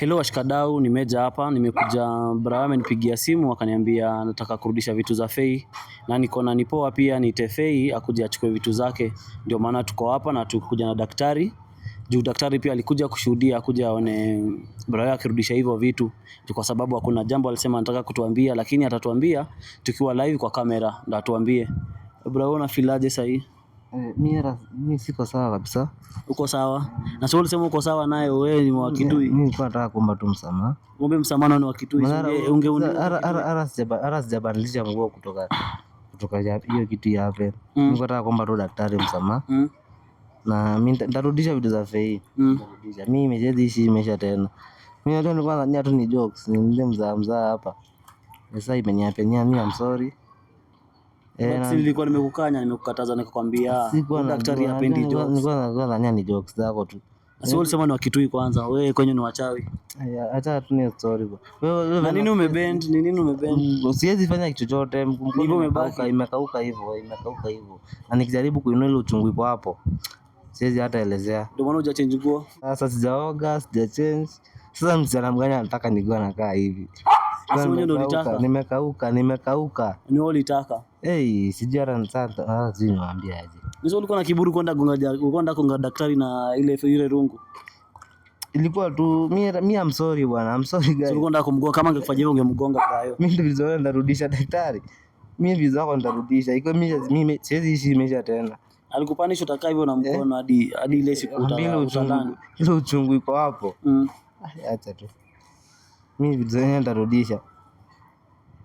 Hello washikadau, ni Meja hapa. Nimekuja Brahim amenipigia simu akaniambia nataka kurudisha vitu za Fei na niko na nipoa pia ni Tefei akuje achukue vitu zake. Ndio maana tuko hapa na tukuja na daktari juu daktari pia alikuja kushuhudia, akuja aone Brahim akirudisha hivyo vitu, kwa sababu hakuna jambo alisema anataka kutuambia, lakini atatuambia tukiwa live kwa kamera, ndio atuambie brother. Unafilaje sasa hii? Eh, mi siko sawa kabisa. Uko sawa na sio? Ulisema uko sawa naye, wewe ni wa Kitui. Mimi nilikuwa nataka kuomba tu msamaha, uombe msamaha ni wa Kitui, ara sijabadilisha nguo kutoka kutoka hiyo kitu ya hapo. Mm. Mimi nataka kuomba tu daktari msamaha mm. na mimi nitarudisha vitu za fei. Mimi mm. imejezi ishi tena. Mimi najua nilikuwa nadhani tu ni jokes, ni mzaa mzaa hapa. Sasa imeniapenia mimi, I'm sorry. Eh, nilikuwa nimekukanya, nimekukataza, nikakwambia daktari hapendi jokes. Nilikuwa nilikuwa ni jokes zako tu. Sasa eh? ulisema ni wakitui kwanza, wewe kwenye ni wachawi. Acha tu ni story bwana. na nini umebend? Ni nini umebend? Usiwezi mm, fanya kitu chochote, mkumbuko umebaki imekauka hivyo, imekauka hivyo. Na nikijaribu kuinua ile uchungu ipo hapo. Siwezi hata elezea. Ndio maana huja nguo. Sasa sijaoga, sija Sasa msichana mgani anataka nigoa nakaa hivi? Ah, nimekauka, nimekauka. Ni wewe ulitaka. Hey, sijara nsanta na ah, sijui niwaambie aje. Nisio ulikuwa na kiburi kwenda gonga kwenda gonga daktari na ile ile rungu. Ilikuwa tu mimi mimi I'm sorry bwana. I'm sorry guys. Ulikuwa ndako kumgonga kama ungefanya hivyo ungemgonga kwa hiyo. Mimi ndio vizao ndarudisha daktari. Mimi vizao yako ndarudisha. Iko mimi mimi siwezi ishi maisha tena. Alikupanisha utakaa hivyo na mkono eh? hadi hadi ile siku utalala. Ile uchungu iko hapo. Mm. Acha tu. Mimi vizao ndarudisha.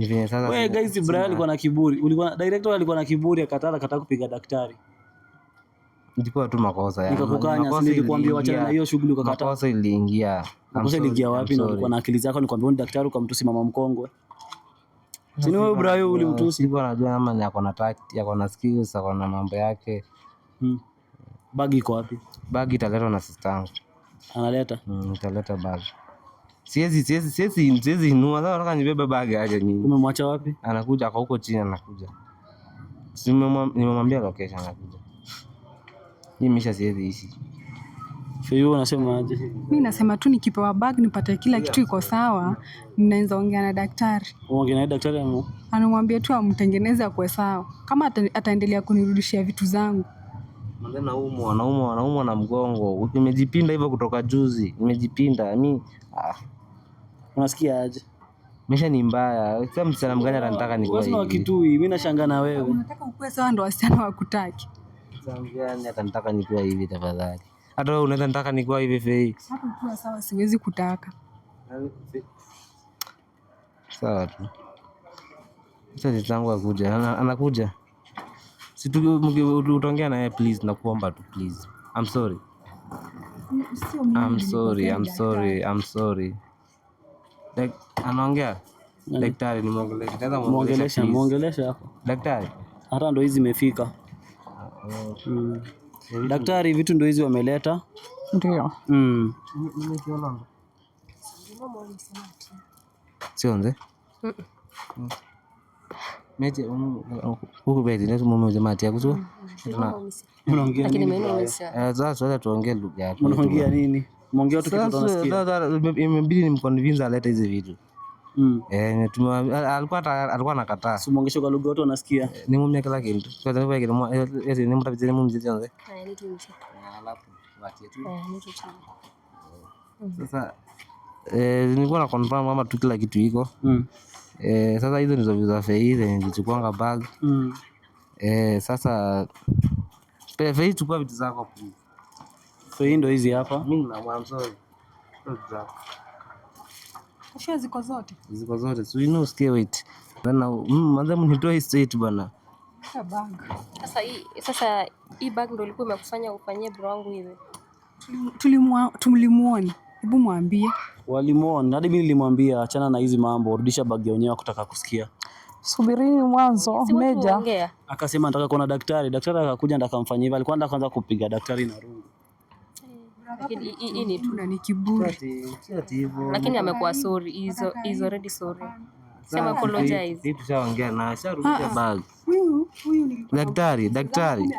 Wewe guys, alikuwa na kiburi. Ulikuwa director alikuwa na kiburi akataka kataka kupiga daktari. Ilikuwa tu makosa yani. Nikakukanya, nilikwambia wachana na hiyo shughuli Makosa iliingia. Makosa iliingia wapi na ulikuwa na akili zako nikwambia ni daktari ukamtusi mama mkongwe. wewe ulimtusi. kama ni akona tact, skills, mambo yake. Hmm. Bagi iko wapi? Bagi italetwa na sister yangu. Analeta. Mm, italeta bagi. Siwezi siwezi siwezi siwezi inua. Sasa nataka nibebe bagi aje nini. Umemwacha wapi? Anakuja kwa huko chini anakuja. Si nimemwambia location anakuja. Hii misha siwezi ishi. Fiyo unasema aje? Mimi nasema tu nikipewa bag nipate kila yeah, kitu iko sawa, ninaweza ongea na daktari. Ongea na daktari amu. Anamwambia tu amtengeneze akuwe sawa. Kama ataendelea kunirudishia vitu zangu. Mbona naumwa, naumwa, naumwa na mgongo. Nimejipinda hivyo kutoka juzi. Nimejipinda. Mimi ah Unasikia aje? Maisha ni mbaya. Sasa msichana mgani anataka ni kwa hiyo? Wewe kitu hivi, mimi nashangaa na wewe. Unataka ukue sawa ndo wasichana wakutaki. Zangiani mgani atanitaka ni kwa hivi tafadhali? Hata wewe unaweza nitaka ni kwa hivi fei. Hata ukue sawa siwezi kutaka. Sawa tu. Sasa zangu akuja. Anakuja. Si tu utaongea na yeye please, nakuomba tu please. I'm sorry. I'm sorry. I'm sorry. I'm sorry anaongea daktari, nimwongeleshe, hapo daktari. Hata ndo hizi imefika mm. Daktari, vitu ndo hizi wameleta, ndio mm. Mnaongea um, mm. nini? Mwongea tu kitu tunasikia. Imebidi nimconvince alete hizi vitu. Mm. Eh, alikuwa alikuwa anakataa. Si muongeshe kwa lugha watu wanasikia. Eh, Nimumia kila kitu. Kwa sababu yake ni mtapita eh, ni mumzi tena. Eh, ni tu msha. Alafu watie tu. Eh, ni Sasa eh, nilikuwa na confirm kama tu kila kitu iko. Mm. Eh, sasa hizo ndizo visa fei zenye nilichukuanga bag. Mm. Eh, sasa fei chukua vitu zako please. So hii ndo hizi hapa. Mimi na mwanzoni. Kisha ziko zote. Ziko zote. So you know scale it. Bana, mm, madam nitoe straight bana. Sasa bag. Sasa hii sasa hii bag ndio ilikuwa imekufanya ufanyie bro wangu hivi. Tulimwa tulimuona. Hebu mwambie. Walimuona. Hadi mimi nilimwambia achana na hizi mambo, rudisha bag yenyewe wenyewe kutaka kusikia. Subirini mwanzo meja. Akasema nataka kuona daktari. Daktari akakuja ndakamfanyia hivyo. Alikuwa anataka kuanza kupiga daktari na rungu hii ni tu na ni kiburi, lakini amekuwa sorry, hizo hizo ready sorry. Sema apologize. Hii tushaongea na asharudisha ah, ah. bag. Daktari, daktari,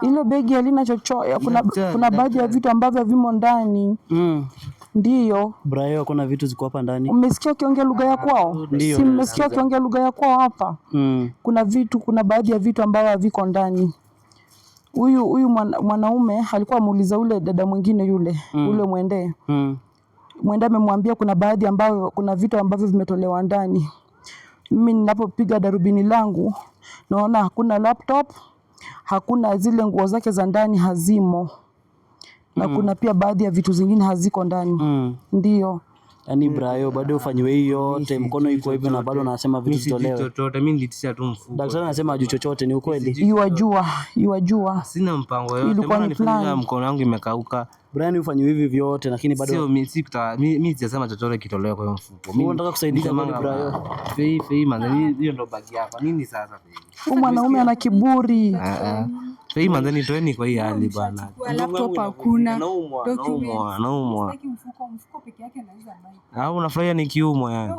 hilo begi halina chochote. Kuna, kuna baadhi ya vitu ambavyo vimo ndani mm. Ndiyo Brayo, kuna vitu ziko hapa ndani. Umesikia akiongea lugha ya kwao? Ah, si umesikia akiongea lugha ya kwao hapa mm. Kuna vitu, kuna baadhi ya vitu ambavyo haviko ndani huyu huyu mwanaume alikuwa amuuliza ule dada mwingine yule mm. ule mwendee mm. mwendee amemwambia kuna baadhi ambayo kuna vitu ambavyo vimetolewa ndani. Mimi ninapopiga darubini langu naona hakuna laptop, hakuna zile nguo zake za ndani hazimo na mm. kuna pia baadhi ya vitu zingine haziko ndani mm. ndio yani mm. brayo bado ufanyiwe hii yote, mkono iko hivyo na bado anasema vitu zitolewe. Daktari anasema ajui chochote, ni ukweli? Iwajua, iwajua. Sina mpango yote, Mkono wangu imekauka Brian ufanye hivi vyote lakini bado sio mimi, sikuta mimi sijasema chochote kitolewe kwa mfuko. Mimi nataka kusaidia kwa Brian. Fei fei, maana hiyo ndo bagi yako. Nini sasa fei? Huyu mwanaume ana kiburi. Ah, ah. Fei, maana ni toeni kwa hii hali bwana. Laptop hakuna. Naumwa, naumwa. Au ah, unafurahia nikiumwa yani?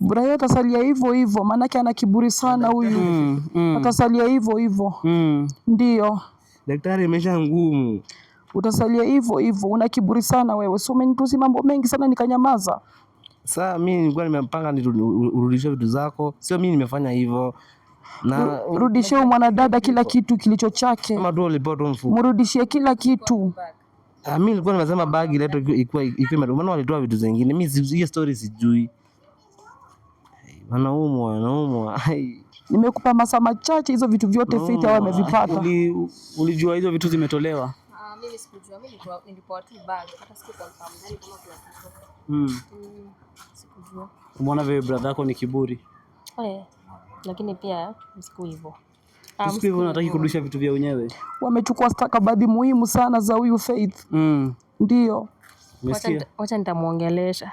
Brian atasalia hivyo hivyo, maanake ana kiburi sana huyu. Mm, mm. Atasalia hivyo hivyo. Mm. Ndio. Daktari, imesha ngumu utasalia hivyo hivyo, una kiburi sana wewe, so umenitusi mambo mengi sana nikanyamaza. Sasa mimi nilikuwa nimepanga urudishe vitu zako, sio mimi nimefanya hivyo na rudishie mwanadada kila kitu kilicho chake, mrudishie kila kitu. Mimi ah, nilikuwa nimesema bagi leto ikuwa ikuwa ikiwa, maana walitoa vitu zingine. Mimi hiyo story sijui, wanaumwa wanaumwa. Nimekupa masaa machache, hizo vitu vyote Faith wamevipata. Ulijua hizo vitu zimetolewa? mimi sikujua, mimi nilipoa bag, hata kama kuna kitu. Hmm. Mm. sikujua. Umeona vile brother yako ni kiburi. Eh. Lakini pia msiku hivyo. Msiku ah, hivyo nataki kurudisha vitu vya wenyewe. Wamechukua stakabadhi muhimu sana za huyu Faith. Mm. Ndio. Wacha nitamuongelesha.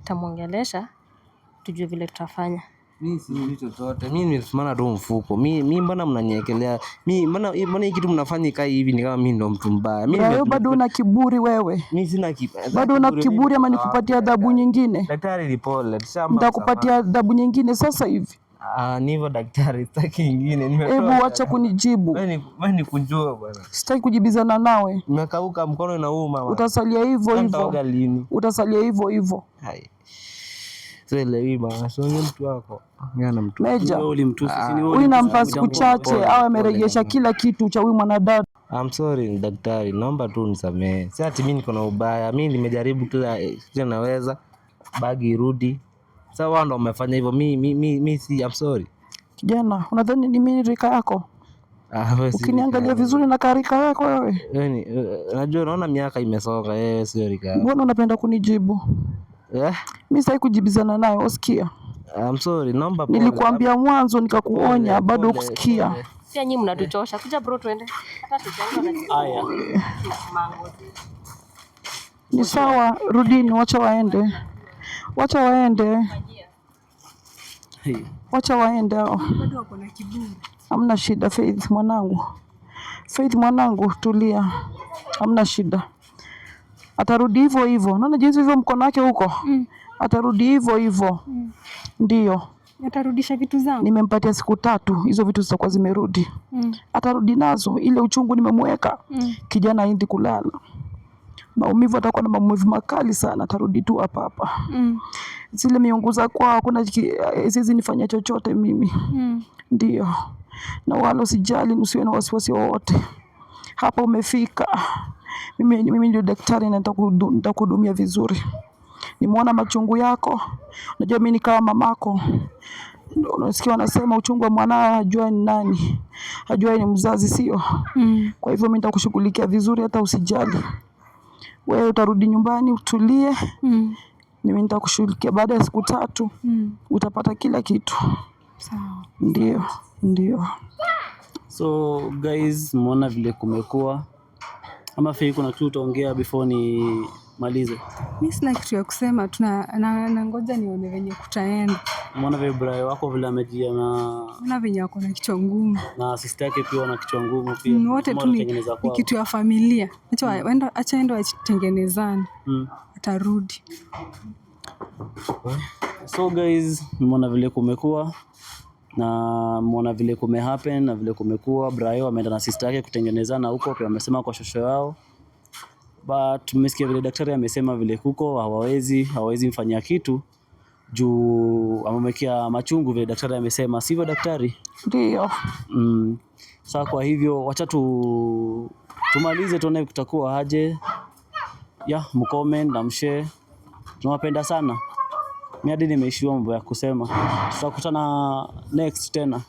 Nitamuongelesha tujue vile tutafanya mi sijui chochote mi nimesimama tu mfuko mi mi mbona mnaniekelea mi mbona hii kitu mnafanya ikai hivi ni kama mi ndo mtu mbaya mi bado una kiburi wewe mi sina kiburi bado una kiburi ama nikupatia adhabu nyingine daktari ni pole nitakupatia adhabu nyingine sasa hivi Ah, nivyo daktari, sitaki ingine. Hebu acha kunijibu. Wewe ni kujua bwana. Sitaki kujibizana nawe. Nimekauka, mkono inauma. Utasalia hivyo hivyo. Utasalia hivyo hivyo. Hai. Meja, huyu nampa siku chache awe amerejesha kila kitu cha huyu mwanadada. I'm sorry daktari, naomba tu nisamehe, si ati mimi niko na ubaya. Mimi nimejaribu kila kitu naweza, bagi irudi. Sasa wao ndio wamefanya hivyo, mimi si. I'm sorry kijana, unadhani ni mimi rika yako? Ah, Ukiniangalia vizuri na karika yako wewe, eh, najua naona miaka imesonga. Mbona unapenda kunijibu? Yeah. Mimi sitaki kujibizana nayo, usikia? I'm sorry, naomba pole. Nilikuambia mwanzo nikakuonya, bado ukusikia. Sasa nyinyi mnatuchosha. Kuja bro twende. Haya. Ni sawa, rudini, wacha waende. Wacha waende. Wacha waende hao. Hamna shida Faith mwanangu. Faith mwanangu, tulia. Hamna shida atarudi hivyo hivyo. Unaona jinsi hivyo mkono wake huko mm. atarudi hivyo hivyo mm. Ndio atarudisha vitu zangu. Nimempatia siku tatu, hizo vitu zitakuwa zimerudi mm. atarudi nazo. Ile uchungu nimemweka mm. kijana hindi kulala maumivu atakuwa na maumivu makali sana, atarudi tu hapa hapa mm. zile miungu za kwao hakuna zizi nifanya chochote mimi mm. Ndio, na wala usijali, usiwe na wasiwasi wowote, hapa umefika mimi, mimi ndio daktari na nitakuhudumia vizuri. Nimeona machungu yako, najua mimi nikawa mamako. Unasikia wanasema uchungu wa mwanao hajua ni nani, hajua ni mzazi, sio? Mm. Kwa hivyo mimi nitakushughulikia vizuri, hata usijali. Wewe utarudi nyumbani utulie. Mm. Mimi nitakushughulikia baada ya siku tatu. Mm. Utapata kila kitu. Sawa. Ndio, ndio. So guys, muona vile kumekuwa ama Fei, kuna kitu utaongea before ni malize? Mimi sina kitu ya kusema, ngoja nione venye kutaenda. Umeona vibrayo wako vile amejia na na venye wako na kichwa ngumu, na sister yake pia ana kichwa ngumu pia. Mm, wote tu ni kitu ya familia, acha mm. waende watengenezane, mm. atarudi. So guys, umeona vile kumekuwa na mwona vile kume happen na vile kumekuwa. Brayo ameenda na sister yake kutengenezana huko, pia amesema kwa shosho yao, but tumesikia vile daktari amesema vile kuko hawawezi hawawezi mfanyia kitu juu amemwekea machungu vile daktari amesema, sivyo daktari? Ndio. Mm. Sasa kwa hivyo wacha tu tumalize tuone kutakuwa aje. Ya mcomment na mshare, tunawapenda sana mi hadi nimeishiwa mambo ya kusema. Tutakutana next tena.